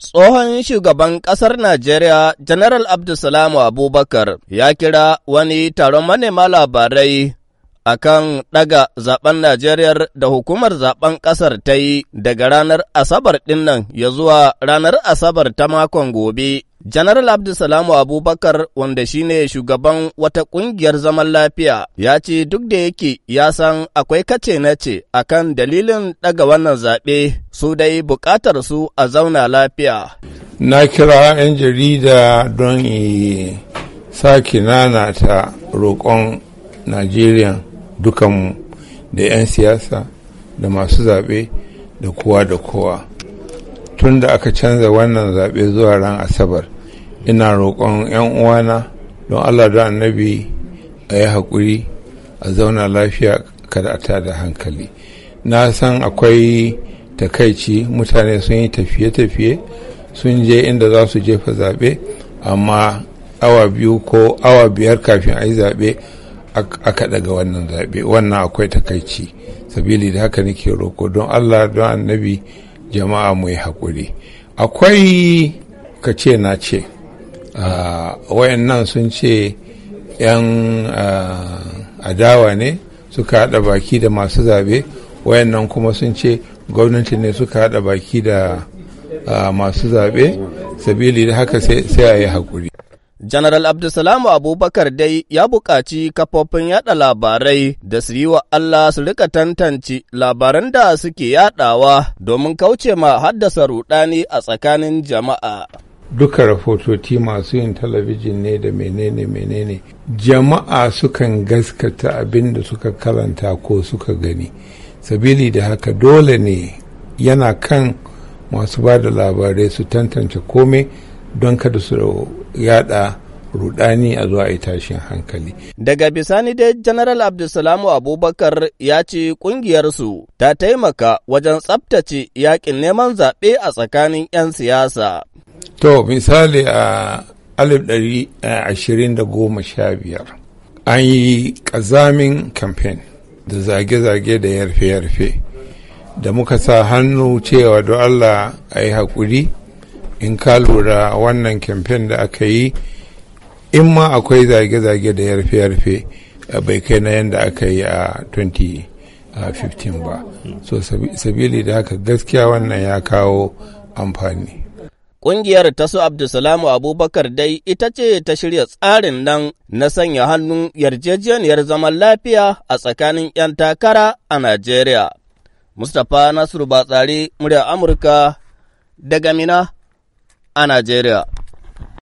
Tsohon shugaban ƙasar Najeriya, General Abdulsalam Abubakar, ya kira wani taron manema labarai akan ɗaga zaben Najeriya da hukumar zaben ƙasar ta yi daga ranar Asabar ɗinnan ya zuwa ranar Asabar ta makon gobe. Janaral Abdulsalamu Abubakar wanda shi ne shugaban wata ƙungiyar zaman lafiya ya ce duk da yake ya san akwai kace na ce kan dalilin ɗaga wannan zaɓe su dai buƙatar su a zauna lafiya. Na kira 'yan jarida don sake nana ta roƙon Najeriya dukan da 'yan siyasa da masu zaɓe da kowa da kowa tun da aka canza wannan zaɓe zuwa ran asabar ina roƙon 'yan uwana don allah da annabi a yi haƙuri a zauna lafiya kada a da hankali na san akwai takaici mutane sun yi tafiye-tafiye sun je inda za su jefa zaɓe amma awa biyu ko awa biyar kafin a yi zaɓe aka daga wannan zaɓe wannan akwai takaici sabili da haka nake roko don allah don annabi jama'a mu yi haƙuri akwai ka ce na ce wayannan sun ce 'yan adawa ne suka haɗa baki da masu zaɓe wayannan kuma sun ce gwamnati ne suka haɗa baki da masu zaɓe sabili da haka sai a yi haƙuri General Abdulsalamu Abubakar dai ya buƙaci kafofin yaɗa labarai da su yi wa Allah su rika tantance labaran da suke yaɗawa domin kauce ma haddasa rudani a tsakanin jama'a. Duka rahototi masu yin talabijin ne da menene menene jama'a sukan gaskata abin da suka karanta ko suka gani. Sabili da haka dole ne yana kan masu ba da labarai su tantance komai. don kada su yada rudani a zuwa a tashin hankali. Daga bisani dai General Abdulsalamu Abubakar ya ce kungiyarsu ta taimaka wajen tsabtace yakin neman zaɓe a tsakanin 'yan siyasa. To misali a alif ɗari eh, ashirin da goma sha biyar an yi ƙazamin kamfen da zage-zage da yarfe-yarfe da muka sa hannu cewa don Allah a yi haƙuri in ka lura wannan kyamfen da aka yi in ma akwai zage-zage da yarfe-yarfe eh, bai kai na yadda aka yi a 2015 eh, ba so sabili da haka gaskiya wannan ya kawo amfani Ƙungiyar ta su Abdulsalamu Abubakar dai ita ce ta shirya tsarin nan na sanya hannun yarjejeniyar zaman lafiya a tsakanin 'yan takara a Najeriya. Mustapha Nasiru Batsari, murya Amurka, daga Mina. a Nigeria.